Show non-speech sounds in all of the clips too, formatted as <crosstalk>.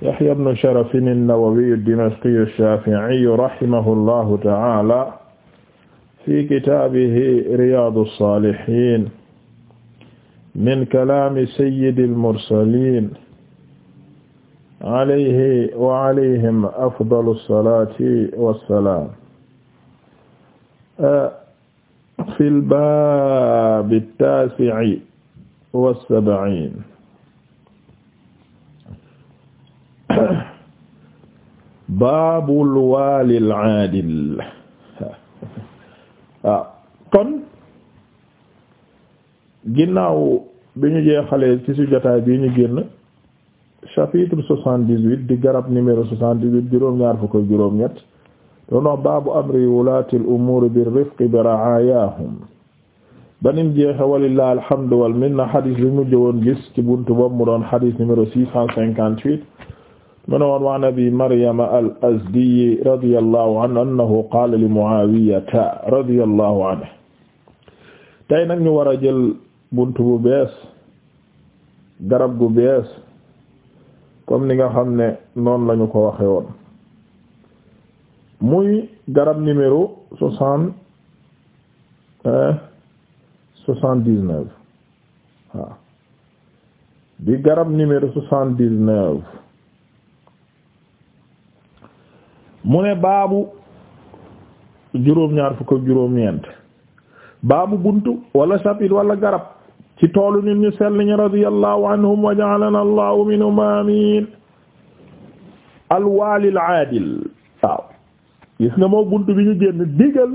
Yahya ibn Sharaf an-Nawawi ad-Dimashqi ash-Shafi'i rahimahullahu ta'ala fi kitaabihi Riyaadu s-Saalihiin min kalaami sayyidil mursaliin alayhi wa alayhim afdalu s-salaati wa s-salaam ah, fil baabi t-taasi'i wa s-sab'iin baabul waalil aadil ah, kon ginnaaw bi ñu jeexalee ci su jotaay bi ñu génn chapitre soixante-dix-huit di garab numéro soixante-dix-huit juróom-ñaar fukk ak juróom-ñett doon wax baabu amri wulaatil umuur bir rifqi bi ra'aayaahum banim jeexe walillahi alhamdu wal minna bi mu jëwoon gis ci buntu boobu mu doon xadis numéro six mune woon wa an abi maryama al azdiyi radiyallahu anhu annahu qaala li muawiyata radiyallahu anhu tey nag ñu war a jël bunt bu bees garab gu bees comme ni nga xam ne noonu lañu ko waxe woon muy garab numéro soixante soixante-dix-neuf waaw di garab numéro soixante-dix-neuf mu ne baabu juróom-ñaar fukk ak juróom-ñeent baabu buntu wala sapit wala garab ci toolu nit ñu sell ñi radiyallahu anhum wa ja'alana allahu minhum amin alwaalil aadil waaw gis nga moo buntu bi ñu génn digal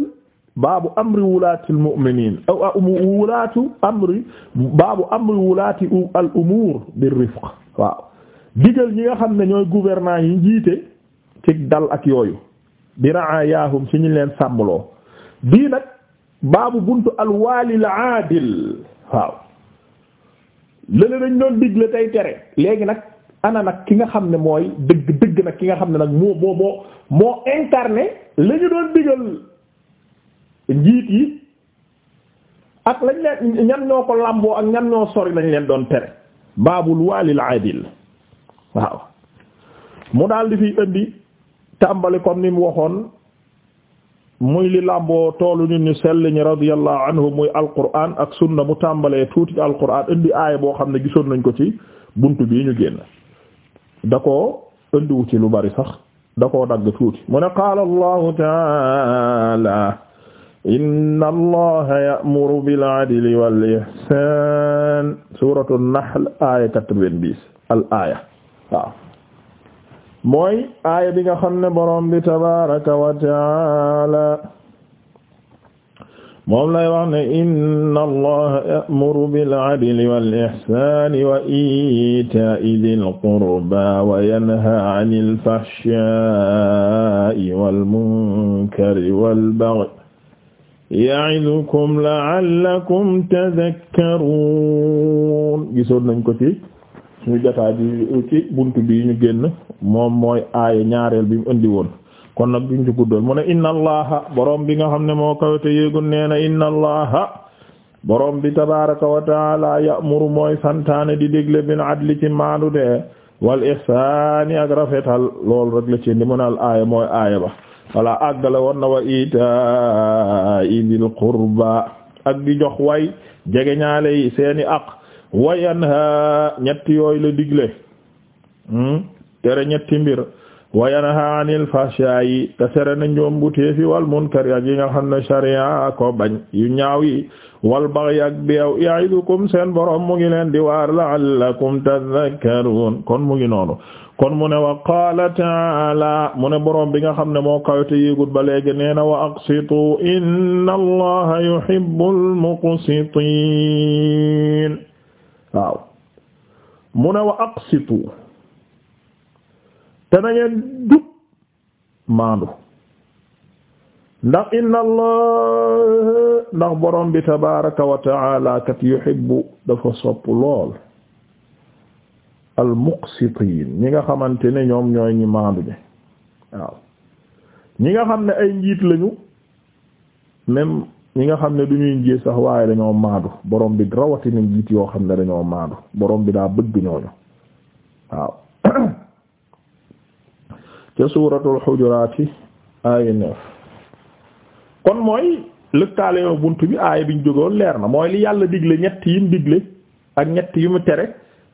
baabu amri wulaatil mu'miniin aw wulaatu amri baabu amri wulaati al umuur bir rifq waaw digal ñi nga xam ne ñooy gouvernants yi jiite ci dal ak yooyu bi ra'ayaahum ci ñu leen sàmmloo bii nag baabu buntu alwaalil aadil waaw lële dañ doon digle tey tere léegi nag ana nag ki nga xam ne mooy dëgg dëgg nag ki nga xam ne nag moo moo moo moo incarné la ñu doon digal njiit yi ak lañ leen ñan ñoo ko làmboo ak ñan ñoo sori lañ leen doon tere baabul waalil aadil waaw mu daal di fi indi tàmbali comme ni mu waxoon muy li làmboo toolu nit ñu sell ñi radiyallahu anhu muy alquran ak sunna mu tàmbalee tuuti ci alquran indi aaya boo xam ne gisoon nañ ko ci bunt bii ñu génn da koo indiwu lu bari sax da koo dagg tuuti mu ne qaala allahu taala inna allaha ya'muru bil adli wal ihsan suratu nahl aaya quatre-vingt-dix al aaya waaw mooy aaya bi nga xam ne borom bi tabaraka wa taala moom lay wax ne inna allaha ya'muru bil adli wal ihsani wa ita'i dhil qurba wa yanha 'anil fahsha'i wal munkari wal baghi ya'idukum la'allakum tadhakkarun gisoon nañ ko ci ñu jotaay bi ci buntu bi ñu génn moom mooy aaya ñaareel bi mu indi woon kon nag duñ ci guddal mu ne inna bi nga xam ne moo kawate yéegun nee na inna allaha bi tabaraka wa ya'muru mooy santaane di dégle bin adli ci maanu de wal ihsaani ak rafetal loolu rek la ci al aaya mooy aaya ba wala àggale woon na wa itaa'i dil qurba ak jox way jege ñaale yi seeni aq wayanha ñett yooyu la digle hmm? tere ñetti mbir wa yanha anil fahshaayi te tere na ñoom bu teefi wal munkari ak yi nga xam ne sharia ko bañ yu ñaaw yi wal baghi ak beew ya'idukum seen borom mu ngi leen di waar la'allakum tadhakkarun kon mu ngi noonu kon mu ne wa qaala ta'ala mu ne borom bi nga xam ne moo kawte yéegut ba léegi nee na wa aqsitu inna allaha yuhibbul muqsitin waaw mu ne wa aqsitu te na ngeen maandu ndax inna allah ndax borom bi tabaraka wa taala kat yuhibbu dafa sopp lool al ñi nga xamante ne ñoom ñooy ñi maandu ñi waaw ñi nga xam ne ay njiit lañu même ñi nga xam ne du ñuy njiit sax waaye dañoo maandu borom bi rawatina njiit yoo xam ne dañoo maandu borom bi daa bëgg ñooñu waaw <coughs> ca suuratul xujuraati aaya neuf kon mooy lëkkaale bunt bi aaya biñ jógoon leer na mooy li yàlla digle ñett yim digle ak ñett yi mu tere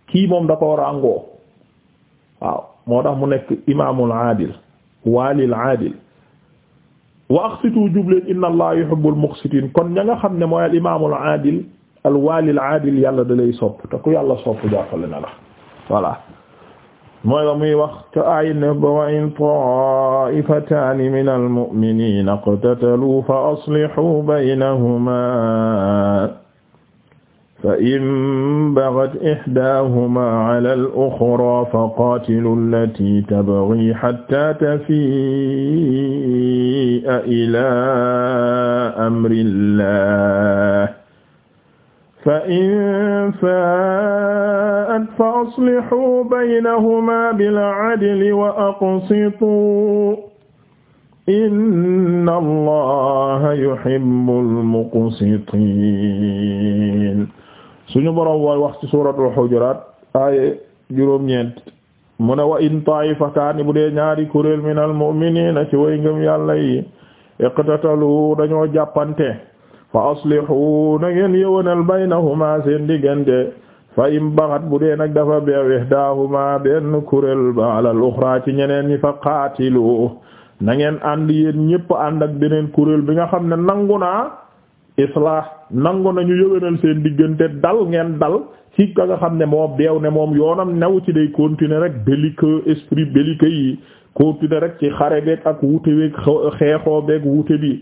kii moom da ko ràngoo waaw moo tax mu nekk imaamul aadil waalil aadil wa aqsitu jubleen inna kon ña xam ne mooy al imaamul aadil al waalil aadil yàlla da lay sopp te ku yàlla sopp jàppale na la voilà mooy la muy wax ca aayit ne ba wa in taifataani min almuminina qtataluu fa aslihuu baynahuma fa in bagat ihdahuma ala al-uxra fa qaatilu allati tabghi hatta tafii'a ila amrillah fa in faat fa aslixuu baynahuma bilcadli wa aqsituu inna allaha yuhibbul muqsitiin suñu boroom wooy wax ci suuratul Hujuraat aaya juróom-ñeent mu ne wa in taa'ifataani bu dee ñaari kuréel minal mu'miniina ci way ngëm yàlla yi iqtatalu dañoo jàppante fa aslihu na ngeen yëwanal baynahuma seen diggante fa im baxat bu dee nag dafa beew ihdaahuma benn kuréel ba alal ci ñeneen ñi fa qaatilu na ngeen ànd yéen ñépp ànd ak beneen kuréel bi nga xam ne nangu naa islaah nangu nañu yëwanal seen diggante dal ngeen dal ci ka nga xam ne moo beew ne moom yoonam new ci day continuer rek belliqueux esprit belliqueux yi continuer rek ci xare beeg ak wute beeg xeexoo beeg wute bi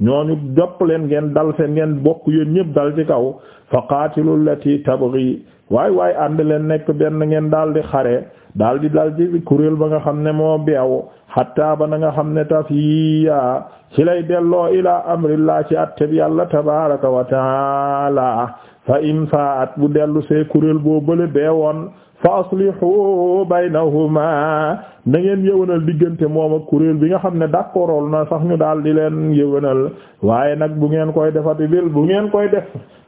ñooñu jopp leen ngeen dal seen ngeen bokk yéen ñëpp dal ci kaw fa qaatilu lati tabghi waay waay ànd leen nekk benn ngeen daal di xare daal di dal ci kuréel ba nga xam ne moo beew hatta ba na nga xam ne tafiya ci lay delloo ila amrillah ci atteb yàlla tabaraka wa taala fa imsaat bu dellu see kuréel boo bële beewoon fa aslihu baynahuma na ngeen yëwanal diggante moom ak kuréel bi nga xam ne d'accordool na sax ñu daal di leen yëwanal waaye nag bu ngeen koy defa bil bu ngeen koy def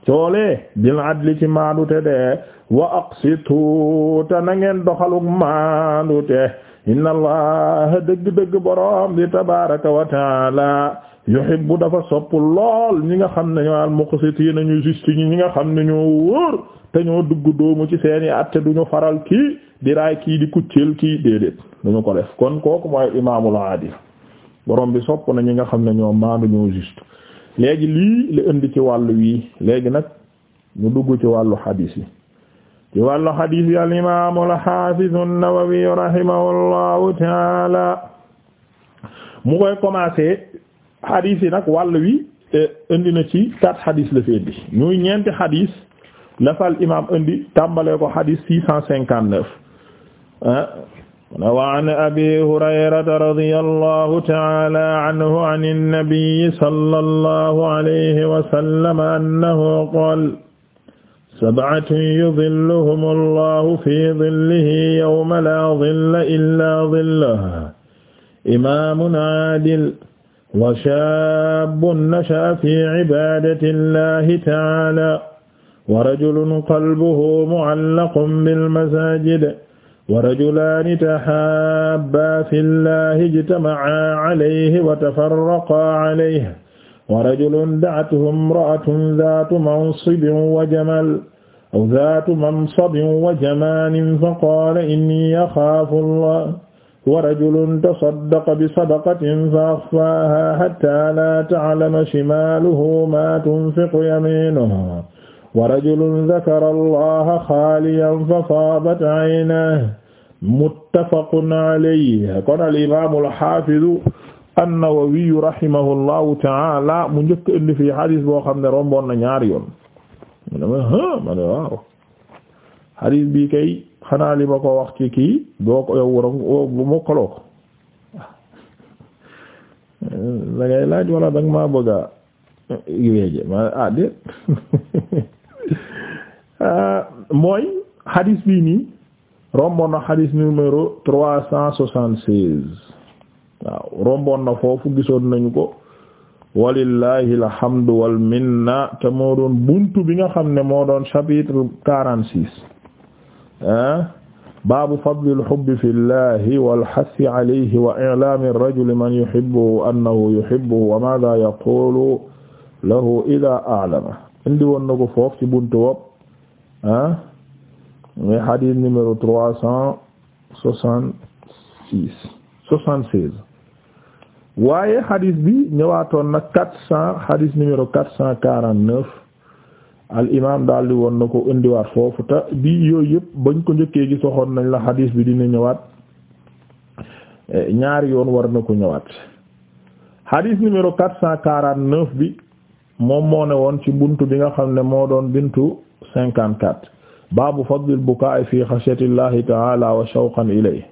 coolee bil adli ci maandute de wa aqsitu te na doxaluk maandute inna allaha dëgg-dëgg borom di tabaraka wa taala yuhibbu dafa sopp lool ñi nga xam ne ñoo al muqsitina ñi ñi nga xam ne ñoo wóor te ñoo dugg doomu ci seen seeni atte duñu faral kii di raay kii di kucceel kii déedéet duñu ko def kon kooku mooy imaamul adil borom bi sopp na ñi nga xam ne ñoo maandu ñoo juste léegi lii la indi ci wàll wii léegi nag ñu dugg ci wàllu xadiis yi ci wàllu xadiis yi al imaamul xaafiz an-Nawawi rahimahullahu mu koy commencer xadiis yi nag wàll wi eh, indi na ci quatre xadiis la fi indi ñuy ñeenti xadiis la fa al imaam indi tàmbalee ko xadiis six cent cinquante neuf ah, wa an abi hurayrata radiyallahu ta'ala anhu an an-nabi sallallahu alayhi wa sallam annahu qaala sab'atun yudhilluhumu allahu fi dhillihi yawma laa dhilla illaa dhilluhu imaamun aadil wa shaabun nasha'a fi ibaadati llahi ta'aala wa rajulun qalbuhu mu'allaqun bil masaajid wa rajulaani tahaabaa fi llahi ijtama'aa alayhi wa tafarraqaa alayhi wa rajulun da'athu imra'atun zaatu mansibin wa jamal aw zaatu mansabin wa jamaalin faqaala innii axaafu llaah wa rajulun tasaddaqa bi sadaqatin fa axfaahaa hattaa laa ta'lama shimaaluhu maa tunfiqu yamiinuhu wa rajulun dhakara allaha xaaliyan fa faadat aynaahu muttafaqun alayhi kon al imaamu alxaafidu annawawiyu rahimahullahu taala mu njëkk indi fi xadis boo xam ne romboon na ñaari yoon ma ne waaw xadis bi kay xanaa li ma ko wax ci kii boo ko yow waroon mokkaloo ko <laughs> da ngay laaj wala da maa bëgg weeje ma ah, <laughs> ah mooy xadis bii nii romboon na xadis numéro trois cent soixante seize waaw romboon na foofu gisoon nañu ko walillahi alhamdu wal minna te moo doon buntu bi nga xam ne moo doon chapitre quarante six baabu fadlil hubbi fillahi wal hassi alayhi wa i'laami rajuli man yuhibbuhu annahu yuhibbuhu wa maadaa yaquulu lahu idaa a'lama indi woon na ko foofu ci buntu wopp ah mais hadith numéro trois cent soixante six soixante seize waaye hadith bi ñëwaatoon na quatre cent hadith numéro quatre cent quarante neuf. al imaam daal di woon na ko indiwaat foofu te bi yooyu yëpp bañ ko njëkkee gi soxoon nañ la xadiis bi dina ñëwaat eh, ñaari yoon war na ko ñëwaat xadiis numéro quatre cent quarante-neuf bi moom moo ne woon ci buntu bi nga xam ne moo doon bintu cinquante-quatre baabu fadlil bukaa'i fi xashyatillahi ta'ala wa shawqan ilayhi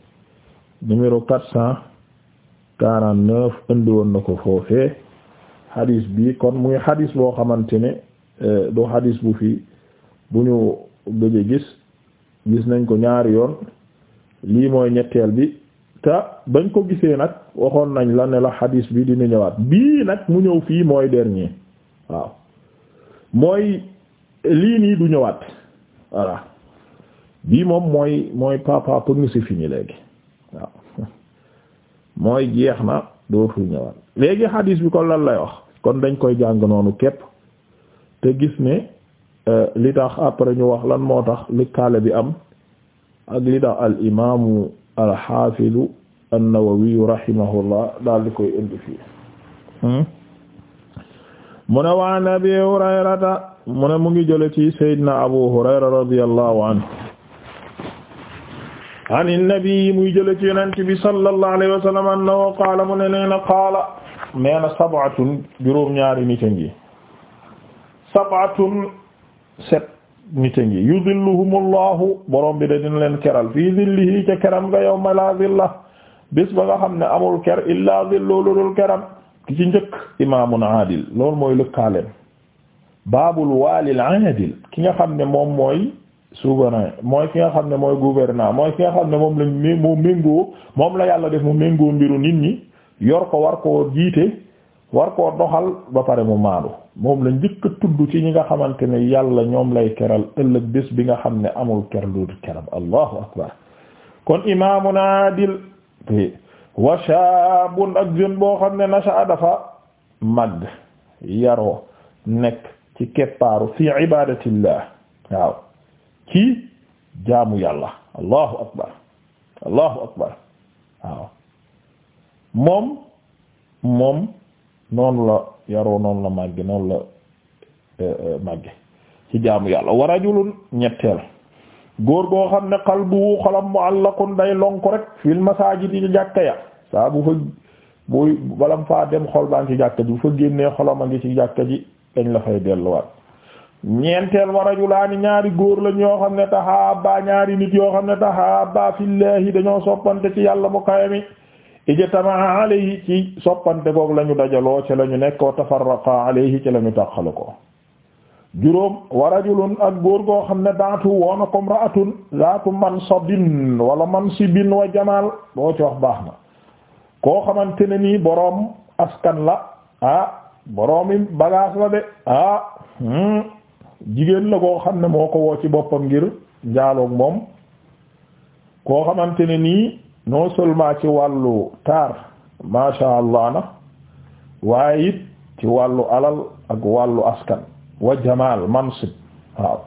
quarante-neuf indi woon na ko foofee xadiis bi kon muy xadiis boo xamante ne Eh, do hadis bu fi bu ñu gëj gis gis nañ ko ñaari yoon lii mooy ñetteel bi te bañ ko gisee nag waxoon nañ la ne la hadis bi dina ñëwaat bii nag mu ñëw fii mooy dernier waaw mooy lii nii du ñëwaat voilà bii moom mooy mooy papa pour ñu si fini léegi waaw <laughs> mooy jeex na dootul ñëwaat léegi hadis bi kon lan lay wax kon dañ koy jàng noonu képp te gis ne euh, li tax après ñu wax lan moo tax lëkkaale bi am ak li tax al imaamu al xaafidu an-Nawawi rahimahullah daal di koy indi fii hmm? mu ne wa an hurayrata mu ne mu ngi jële ci sayyidina abu hurayra radiyallahu anhu an nabi muy jële ci yonent bi sallallahu alayhi wa sallam annahu qaala mu ne nee na qaala nee na juróom ñaari nit a ngi sabatun set nit a ngi yudilluhumullahu borom bi da dina leen keral fii zillihi ca keram nga yawma la zilla bis ba xam ne amul ker illaa zillu lulul keram ki ci njëkk imaamun aadil loolu mooy lëkkaaleen baabul waalil aadil ki nga xam ne moom mooy souverain mooy ki nga xam ne mooy gouvernant mooy ki nga xam ne moom la mu yàlla def mu méngoo mbiru nit ñi yor ko war jiite war koo doxal ba pare mu maandu moom la njëkk tudd ci ñi nga xamante ne yàlla ñoom lay keral ëllëg bés bi nga xam ne amul ker lu dul keram allahu akbar kon imaamun adil wa shaabun ak jeune boo xam ne nasha'a dafa màgg yaroo nekk ci keppaaru fi ibadatillah waaw ci jaamu yàlla allahu akbar allahu akbar waaw moom moom noonu la yaroo noonu la màgge noonu la euh, euh, màgge ci jaamu yàlla wa rajulun ñetteel góor goo xam ne qalbu xolam mu'allaqun day lonku rek fil ji yi jàkka ya saa bu fa buy balam faa dem xol ci jàkka ji bu fa génnee xolam a ngi ci jàkka ji dañ la fay delluwaat ñeenteel wa rajulaani ñaari góor lañ yoo xam ne tahaaba ñaari nit yoo xam ne tahaaba fillahi dañoo soppante ci yàlla mu kayami ijtamaa alayhi ci soppante googu lañu dajaloo ci lañu nekk wa tafarraqa alayhi ci lañu tàqale ko juróom wa rajulun ak góor goo xam ne daatu woona ko imra'atun zaatu mansabin wala mansibin wa jamaal boo ci wax baax na koo xamante ne nii boroom askan la ah boroomi bagaas la de ah hmm, jigéen la koo xam ne moo ko woo ci boppam ngir njaaloog moom koo xamante nii non seulement ci wàllu taar masha allah na waaye it ci wàllu alal ak wàllu askan wa jamaal mansib waaw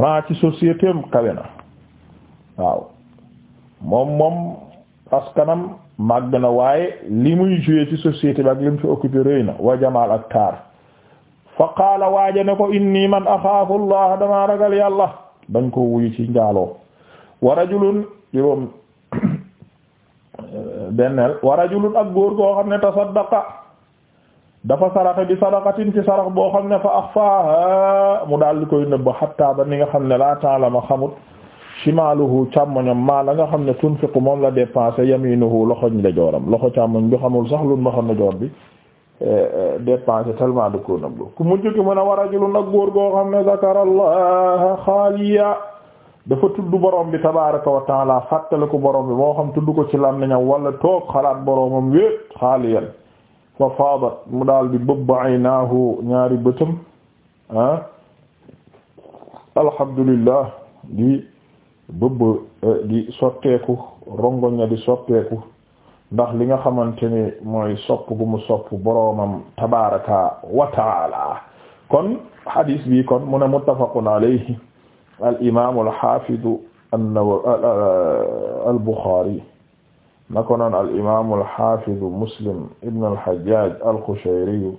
ran ci société am kawe na waaw moom moom askanam màgg na waaye li muy ci société bi ak li mu fi rëy na wa jamaal ak taar fa qaala waaja ne ko inni man axaafu allah damaa ragal yàlla dañ ko wuyu ci njaalo wa rajulun juróom benneel wa rajulun ak góor goo xam ne tasaddaqa dafa saraxe bi sadaqatin ci sarax boo xam ne fa axfaaha mu daal di koy nëbb hatta ba ni nga xam ne la ta'lama xamut shimaaluhu càmmoñam maa la nga xam ne tunfiqu moom la dépensé yaminuhu loxo ndeyjooram loxo càmmoñ bi xamul sax lu ma xam ne joor bi eh, eh, dépensé tellement de ko nëbb ku mujj ki mën a wa rajulun ak góor goo xam ne zakarallaha xaaliya dafa tudd borom bi tabaaraka wa taala fàttaliku borom bi moo xam tudd ko ci làmmiñam wala toog xalaat boromam wéet xaaliyan fa faadat mu daal di bëbb aynaahu ñaari bëtam ah alhamdulillah di bëbb eh, di sotteeku rongoña di sotteeku ndax li nga xamante ni mooy sopp gu mu sopp boromam tabaaraka wa kon hadis bi kon mu ne muttafaqun alayhi al imaam al xaafidu an-Nawawi al Buxaari naka noonu al imaam al Muslim ibn al Hajjaaj al Qushayri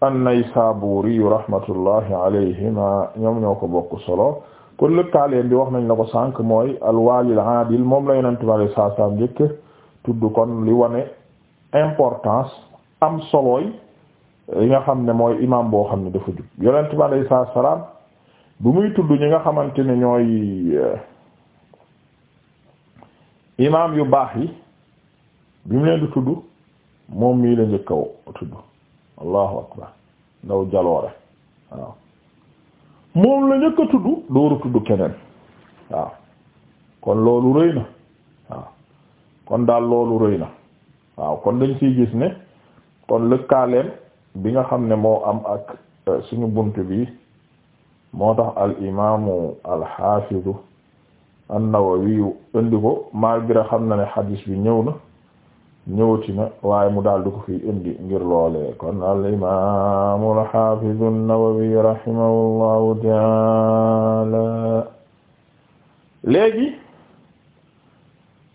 an-Naysaabuuri rahmatullahi alayhima ñoom ko bokk solo kon lëkkaaleen bi wax nañ la ko sànq mooy al waali al aadil moom la Yonent bi alayhi salaatu salaam njëkk tudd kon li wane importance am solooy yi nga xam ne mooy imaam boo xam ne dafa bu muy tudd ñi nga xamante ne ñooy eh, imaam yu baax yi bi mu leen di tudd moom mii la njëkk a tudd allahu akbar ndaw jaloore waaw moom la njëkk tudd dooru tudd keneen waaw kon loolu rëy na waaw kon daal loolu rëy na waaw kon dañ ciy gis ne kon lëkkaaleen bi nga xam ne moo am ak eh, suñu bunt bi moo tax al imaamu al xaafidu an-Nawawi indi ko malgré xam na ne xadis bi ñëw na ñëwati waaye mu daal ko fi indi ngir loole kon al imaamu al xaafidu an-Nawawi rahimahullahu taala léegi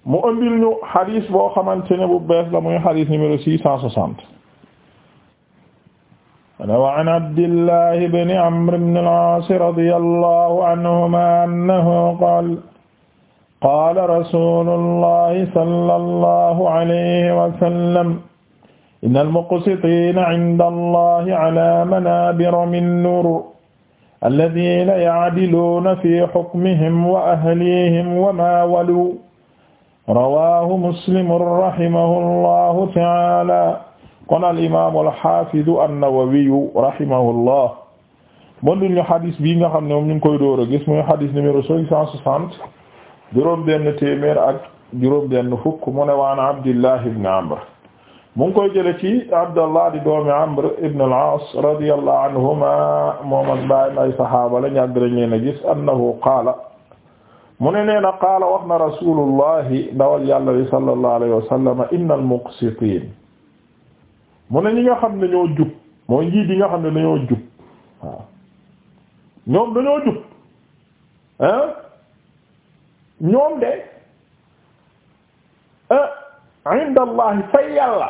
mu ëndil ñu xadis boo xamante ne bu bees la muy xadis numéro six cent soixante wa an abdillahi bni amr bni al-aas radiyallahu anhuma annahu qaala qaala rasuulullahi sallallahu alayhi wa sallam inna al-muqsitiina inda allahi alaa manaabira min nuur allaziina ya'diluuna fii hukmihim wa ahlihim wa maa waluu rawaahu muslim rahimahullahu ta'aalaa kon al imaam al xaafidu an-Nawawiyu rahimahullah mënduñ ñu xadis bii nga xam ne moom ñu ngi koy door a gis muy xadis numéro cinq cent soixante juróom-benn téeméer ak juróom-benn fukk mu ne waan Abdullah ibn Amr mu ngi koy jële ci Abdallah di doomi Amr ibn al-Aas radiyallahu anhuma moom ak baayam ay saxaaba la ñàgg nañ leen a gis annahu qaala mu ne nee na qaala wax na rasulullahi ndawal yàlla li sallallahu mu ne ñi nga xam ne ñoo jub mooy njiit yi xam ne dañoo jub waaw ñoom dañoo jub ah ñoom de ah eh inda fay yàlla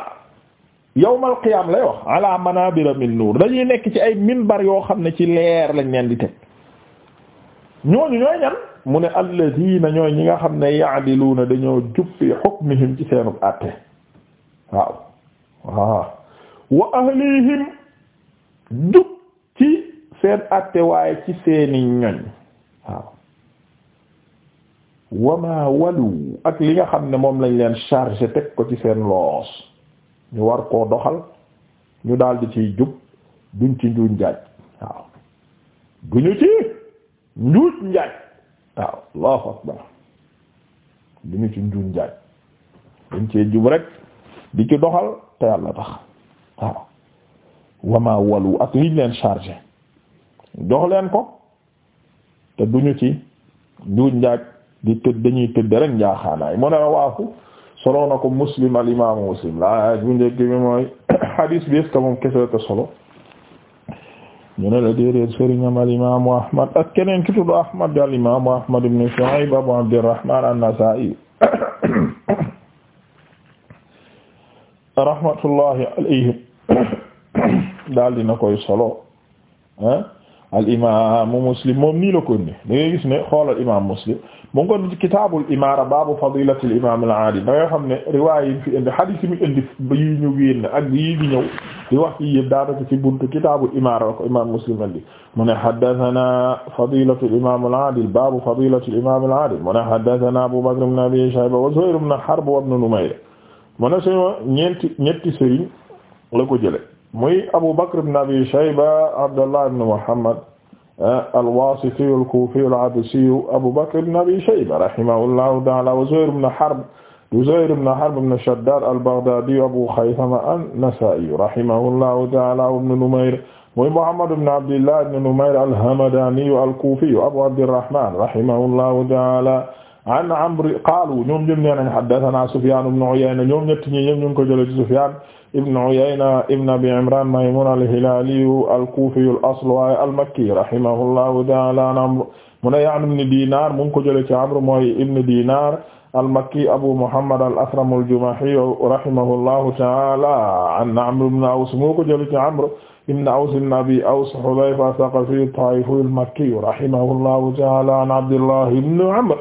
yawmal qiyaam lay wax ala manabira min nuur dañuy nekk ci ay minbar yoo xam ne ci leer lañ leen di teg ñooñu ñooy ñan mu ne alladina ñooy ñi nga xam ne yaadiluuna dañoo jub fi hukmihim ci seenu àtte waaw waaw wa ahlihim jub ci seen atte waaye ci seeni ñoñ waaw wama walu ak li nga xam ne moom lañ leen chargé teg ko ci seen loos ñu war koo doxal ñu daldi ciy jub duñ ci njuuj njaaj waaw duñu ci njuuj njaaj waaw allahu akbar duñu ci njuuj njaaj duñ ci jub rek di ci doxal te yàlla tax waaw wama walu ak liñ leen chargé jox leen ko te duñu ci njuuj njaaj di tëdd dañuy tëdd rek njaaxaanaay mu ne rawaahu solo na ko muslim al imaamu muslim laaj bu njëkk bi mooy hadis <coughs> bi est-ce moom kese ko solo ñu ne la déedéet sëriñam al imaamu ahmad ak keneen ki tudd ahmad al imaamu ahmad ibn shu'ayb abu abdurrahman an-nasa'i <coughs> rahmatullahi daal dina koy solo al imaamu muslim moom nii la ko ni da ngay gis ne xoolal imaam muslim mu ngi ko ci imaam al aadil da nga xam ne riwaay ak yii wax ci yëpp ci buntu kitaabul imaara imaam muslim indi mu ne haddathana fadilatul imaam al aadil baabu fadilatil imaam al aadil mu ne abu bakr ibn abi shayba wa zuhayr ibn harb wa ibn numayr mu ne ñetti sëriñ la ko jële muy Abu Bakr ibn Abi Shayba Abdullah ibn Muhammad eh, al-Wasiti al-Kufi al-Absi Abu Bakr ibn Abi Shayba rahimahullahu ta'ala wa Zuhayr ibn Harb Zuhayr ibn Harb ibn Shaddad al-Baghdadi Abu Khaythama an-Nasa'i rahimahullahu ta'ala wa Ibn Numayr muy Muhammad ibn Abdillah ibn Numayr al-Hamadani al-Kufi Abu Abdirrahman rahimahullahu ta'ala an Amr qaalu ñoom ñëpp nee nañ haddathana Sufyan ibn Uyayna ñoom ñett ñi ñoom ñu ngi ko jëlee ci Sufyan ibn Uyayna ibn Abi Imran Maymun al-Hilali al-Kufi al-asl wa al-Makki rahimahullahu ta'ala mu ne Amr ibn Dinar mu ngi ko jëlee ci Amr mooy ibn Dinar al-Makki Abu Muhammad al-Asram al-Jumahi rahimahullahu ta'ala an Amr ibn Aws mu ngi ko jëlee ci Amr ibn Aws ibn Abi Aws Hudayfa ath-Thaqafi at-Taifi al-Makki rahimahullahu ta'ala an Abdullah ibn Amr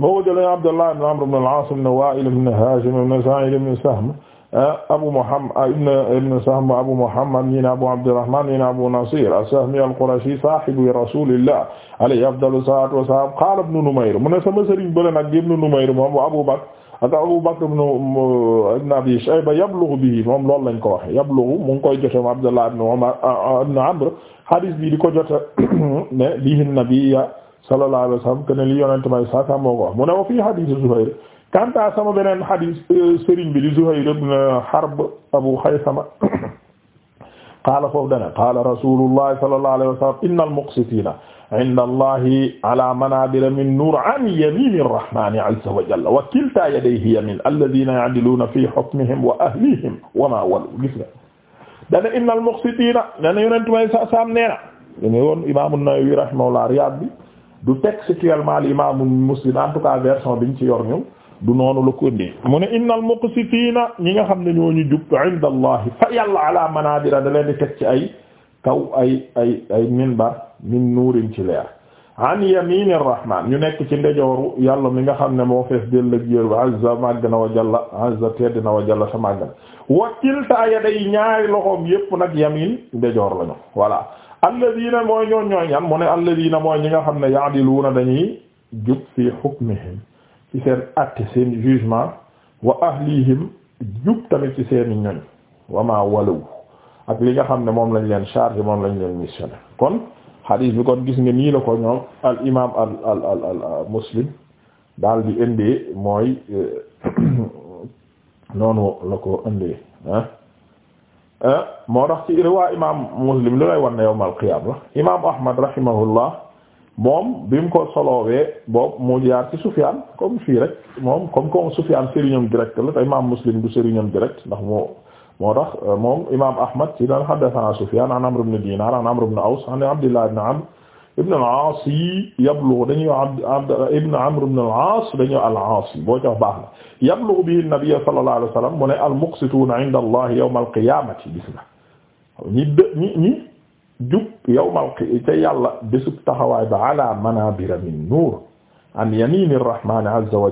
mu ngi ko jëlee Abdullah ibn Amr ibn al-As ibn Wa'il ibn Hashim ibn Sa'id ibn Sahm Eh, abu muhammad ah, ibn sahm abu muhammad ñi ne abu abdurrahman ñi ne abu nasir as-sahmi al-qurashi sahibu rasulillah alayhi afdalu salatu wassalam qala ibn numayr mu ne sama sëriñ bële nag ibn numayr moom abu bakr ak abu bakr ibn abi shayba yablughu bihi moom loolu lañ ko wax yablughu mu ngi koy jote moom abdullah ibn umar ah, ah, ibn amr hadith bi di ko jote <coughs> ne bihi nabiyya sallallahu alayhi wasallam ken li yonent may sa sa moo ko wax mu ne wa fi hadith zuhair kanta sama beneen hadis euh, sëriñ bi di Zuhayr ibn Harb Abu Khaythama <coughs> qaala foofu dana qaala rasuulullahi sallallahu alayhi wa sallam innal muqsitina inda allahi ala manabira min nuur an yamini arrahmani azza wa jalla wa kilta yadayhi yamin alladina ya'diluuna fi hukmihim wa ahlihim wa ma walu gis nga dana innal muqsitina dana yonent may sa saam neena dana woon imaamu Nawawi rahimahullah Riyaad bi du textuellement l'imaamu Muslim en tout cas version biñ ci yor ñëw du noonu la ko indi mu ne innal muqsitiina ñi nga xam ne ñooñu jub inda allah fa yàlla ala manabira da leen di teg ci ay kaw ay ay ay minbar min nuurin ci leer an yamini rahman ñu nekk ci ndejooru yàlla mi nga xam ne moo fees dell ak yër azza màgg na wa jalla azza tedd na wa jalla sa màgg na wa kilta yaday ñaari loxoom yépp nag yamin ndejoor lañu voilà alladina mooy ñoon ñooy ñan mu ne alladina mooy ñi nga xam ne yaadiluuna dañuy jub fi hukmihim ci seen acte seen jugement wa ahlihim jub tamit ci seeni ñoñ wama walaw ak li nga xam ne moom lañ leen chargé moom lañ leen missionné kon hadith bi kon gis nga nii la ko ñoom al imam al al al muslim daal di indee mooy euh, <clears throat> noonu la ko indee ah, ah moo tax ci riwaa imam muslim lu lay wan ne yawmal qiyaama la imam ahmad rahimahullah moom bi mu ko soloowee boobu mu jaar ci Sufyaan comme fii rek moom comme comme Sufyaan sëriñam direct la te imaam Muslim du sëriñam direct ndax moo moo tax euh, moom imaam Ahmad ci daan haddathana Sufyaan an Amr ibn Diinaar an Amr ibn Aws an Abdullah ibn Amr ibn al-Aas yablughu dañuy Abd ibn Amr ibn al-Aas dañuy al-Aas boo jox baax na yablughu bihi an-nabiy sallallahu alayhi wa sallam mu ne al-muqsituuna inda Allah yawm al-qiyaamati gis na ñi ñi jub yawmal qi bi yàlla bésub taxawaay ba ala manabira min nuur an yamini arrahmani azza wa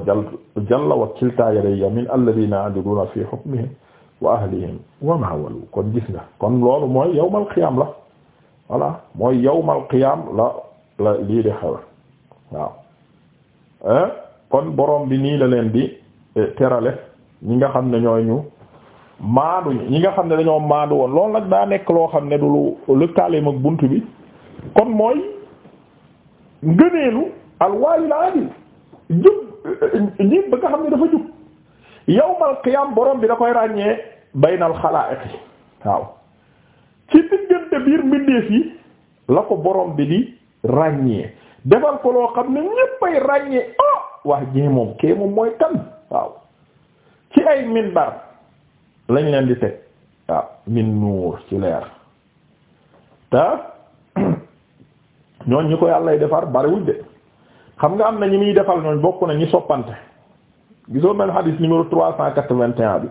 jalla wa kilta yaday yamin alladina ya'diluna fi hukmihim ma walu mooy yow qiyam la voilà mooy yawmal qiyam la eh? kon borom bi nii leen di eh, terale ñi nga xam ne ñooy ñu maandu ñi nga xam ne dañoo maandu woon loolu nag daa nekk loo xam ne du lu lëkkaaleem ak bunt bi kon mooy ngëneelu alwaayul adil jub njiit ba nga xam ne dafa jub yawmal qiyam borom bi da koy ràññee baynal xalaa yi waaw ci diggante biir mbindeef yi la ko borom bi di ràññee defal ko loo xam ne ñéppay ràññee ah wax ji moom kee mooy kan waaw ci ay minbar lañ leen di teg waaw min nuur ci leer <clears throat> ñooñ ñi ko yàllay defar bariwuñ de xam nga am na ñi muy defal ñooñ bokk na ñi soppante gisoon nañ xadiis numéro trois cent quatre-vingt-un bi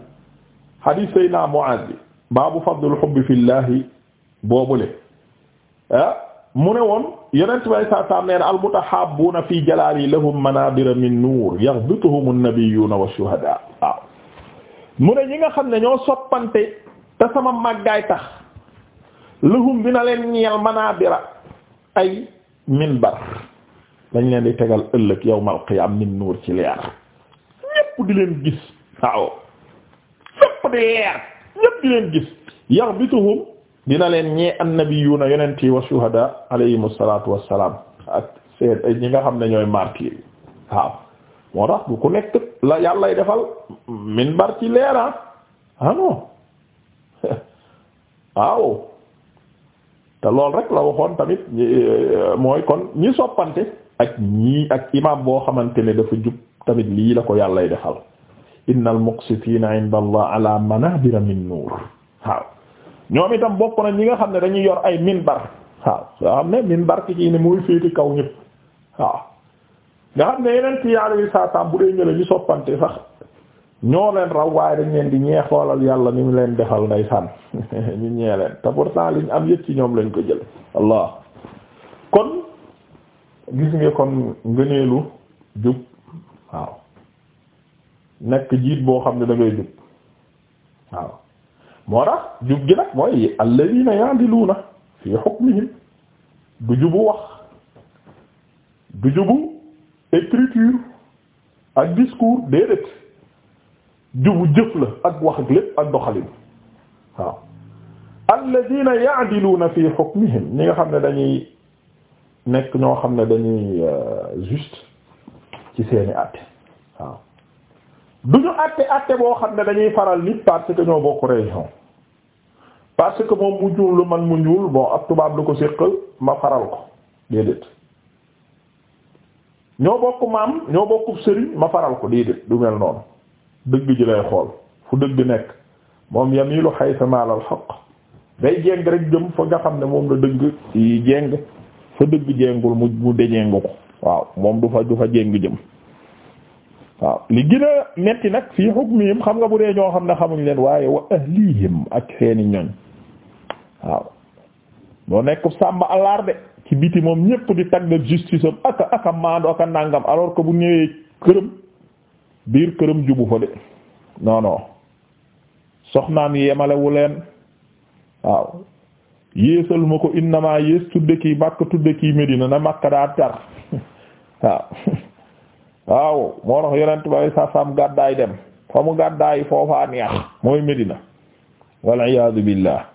xadiis sayna Muaaz bi baabu fadlul hubbi fillahi boobule ah mu ne woon yenent way saa saa nee na al mutahabbuuna fi jalaali lahum manabira min nuur yaghbituhum an-nabiyyuuna wash-shuhadaa waaw mu ne ñi nga xam ne ñoo soppante te sama màggaay tax lahum dina leen ñeel manaabira ay minbar dañ leen di tegal ëllëg yawmal qiyaam min nuur ci leer ñépp di leen gis waaw ñépp di leer ñépp di leen gis yaxbituhum dina leen ñee annabiyuuna yonent yi wa shuhadaa alayhimu salaatu wassalaam ak seen ñi nga xam ne ñooy martyr waaw moo tax bu ku nekk la yàllay defal minbar ci leera ah <laughs> waaw te lool rek la waxoon tamit euh, mooy kon ñi soppante ak ñii ak imam boo xamante ne dafa jub tamit lii la ko yàllay defal innal muqsitina inda allah ala manabira min nuur waaw ñoom itam bokk na ñi nga xam ne dañuy yor ay minbar waaw soo xam ne minbar ki ci mooy féete kaw ñëpp waaw nga xam ne yeneen ci yàlla saa saam bu dee ñële ñu soppante sax ñoo leen raw waaye dañ leen di ñee yàlla ni mu leen defal nday sànn <laughs> ñu ñee leen te pourtant liñ am yëpp ci ñoom lañ ko jël allah kon gis nga kon ngëneelu jub waaw nekk jiit boo xam ne da ngay jub waaw moo tax jub gi nag mooy alladina ya'diluuna fi hukmihim du jubu wax du jubu ak discours déedéet jubu jëf la ak wax ak lépp ak doxalin waaw alladina ya'diluuna fi hukmihim ñi nga xam ne dañuy nekk ñoo xam ne dañuy euh, juste ci seeni àtte waaw du ñu àtte àtte boo xam ne dañuy faral nit parce que ñoo bokk région parce que moom mu ñuul lu man mu ñuul bon ab tubaab lu ko séqal ma faral ko déedéet ñoo bokk maam ñoo bokk sëriñ ma faral ko déedéet du mel noonu dëgg ji xool fu dëgg nekk moom yamilu haytha mal al haqq day jéng rek jëm fa nga xam ne moom la dëgg yi jéng fa dëgg jéngul mu mu déjéngu ko waaw moom du fa du fa jéng jëm waaw li gën a metti nag fii hukmihim xam nga bu dee ñoo xam ne xamuñ leen waaye wa ahlihim ak seeni ñoñ waaw doo nekk sàmba alarde ci biti moom ñépp di tagg justice am aka aka maando aka nàngam alors que bu ñëwee këram biir këram jubu fa de non soxnaam yemalewu leen waaw yéesal ma ko innama yées tudde kii Makka tudde kii Medina na Makka daa tar <laughs> waaw <laughs> waaw moo tax yonent ba sa sam gàddaay dem fa mu gàddaay foofaa neex mooy Medina wal iyaadu billah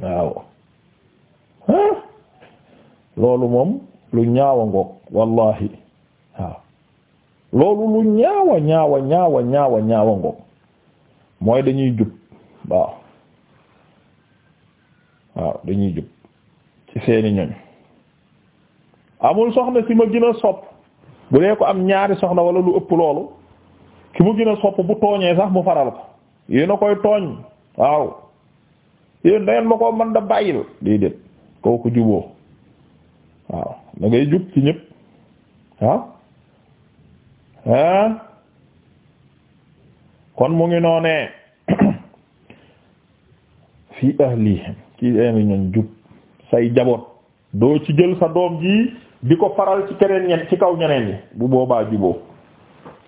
waaw loolu moom lu ñaawa ngoog wallahi waaw loolu lu ñaawa ñaawa ñaawa ñaawa ñaawa ngoog mooy dañuy jub waaw waaw dañuy jub ci seeni ñoñ amul soxna si ma gën a sopp bu dee ko am ñaari soxna wala lu ëpp loolu ki mu gën a sopp bu tooñee sax mu faral ko yéen a koy tooñ waaw yéen dangeen ma ko man da bàyyil déedéet kooku juboo waaw da ngay jub ci ñëpp waaw ah kon mu ngi noone <clears throat> fii ahlihim ci seeni ñoñ jub say jaboot doo ci jël sa doom ji di ko faral ci keneen ñen ci kaw ñeneen yi bu boobaa juboo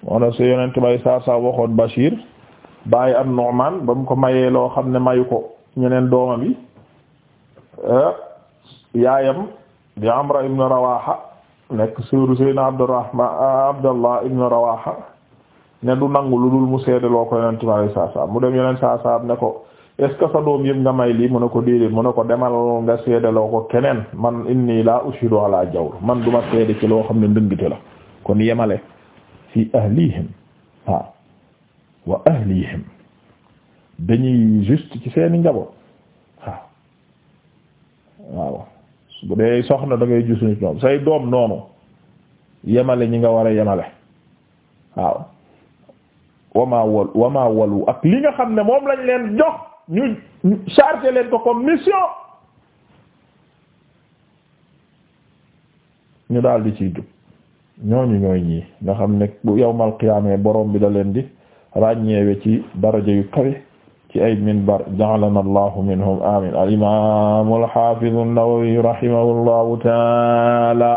wala su yonent bay saa saa waxoon Bashir bàyyi am Nu'man ba mu ko mayee loo xam ne mayu ko ñeneen doomam yi eh, yaayam di Amra ibn Rawaha nekk sëru Seydina Abdurrahman Abdallah ibn Rawaha ne du nangu lu dul mu seedeloo ko yonent bi alayhi mu dem yonent saa ne ko est ce que sa doom yëpp nga may lii mu ne ko déedéet mu ne ko demal nga seedeloo ko keneen man inni la ushidu ala jawr man du ma ci loo xam ne ndëngite la kon yemale fi ahlihim ah, wa ahlihim dañuy juste ci seeni njaboot ah, waaw bu dee soxna dangay ngay gis nit say doom noonu yemale ñi nga war a yemale waaw wamaa wal wamaa walu ak li nga xam ne moom lañ leen jox ñu chargé leen ko comme mission ñu daal di ciy jub ñooñu ñooy ñii nga xam ne bu yawmal qiyaamee borom bi da leen di ràññeewe ci barajo yu kawe ci ay minbar ja'alana allahu minhum amin al imam al hafiz an-Nawawi rahimahullahu taala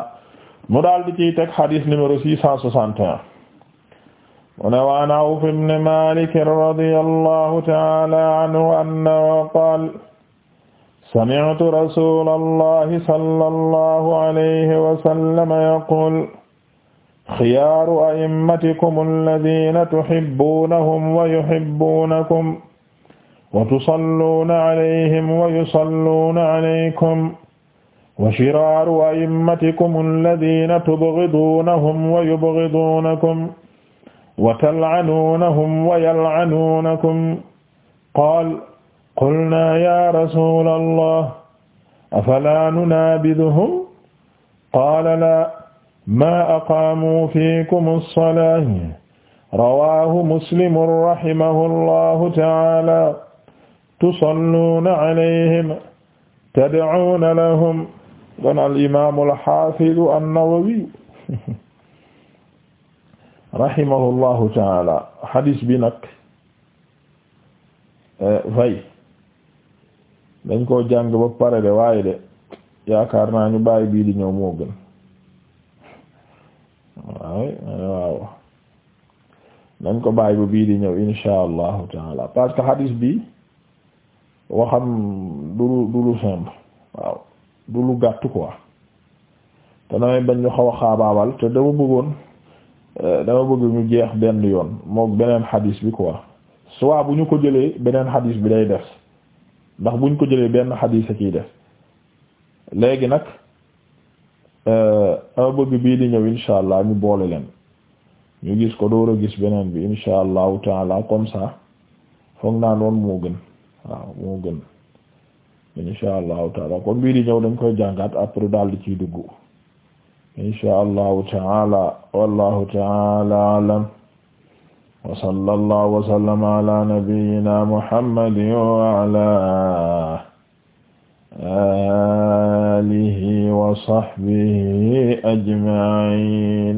mu daal di ciy teg hadith numéro 661 wa an Awf ibn Malik radiyallahu taala anhu annahu qaala sami'tu rasulallahi sallallahu alayhi wa sallam yaqul khiyaaru a'immatikum alladhina tuhibbunahum wa yuhibbunakum wa tusalluuna alayhim wa yusalluuna alaykum wa shiraaru a'immatikum alladhiina tubghiduunahum wa yubghiduunakum wa tal'anuunahum wa yal'anuunakum qaala qulnaa yaa rasuula allah afalaa nunaabiduhum qaala laa maa aqaamuu fiikum as-salaata rawaahu muslimun rahimahu allahu ta'aala tusalluuna alayhim tad'uuna lahum kon al imaamu al xaafidu an-Nawawi taala hadis bi nag fay eh, dañ koo jàng ba pare de waaye de yaakaar naa ñu bàyyi bii di ñëw moo gën ko bàyyi ba bii di ñëw insha allahu taala parce hadis bi waxam du lu du lu simple waaw du lu gàtt quoi te damay bañ ñu xaw a xaabaabal te dama bëggoon euh, dama bëgg ñu jeex benn yoon moo beneen xadis bi quoi soit bu ñu ko jëlee beneen xadis bi day def ndax bu ñu ko jëlee benn xadis a ciy def léegi nag euh, dama bëgg bii di ñëw insha allah ñu boole leen ñu gis ko door a gis beneen bi insha allahu taala comme sa foog naa noonu moo gën. waaw moo gën insha taala kon di ñëw dañ koy jàngat après daal di ciy dugg insha allahu taala wallahu taala alam wa sallallahu wa sallama ala nabiyyina muhammadin wa ala alihi wa sahbihi ajma'in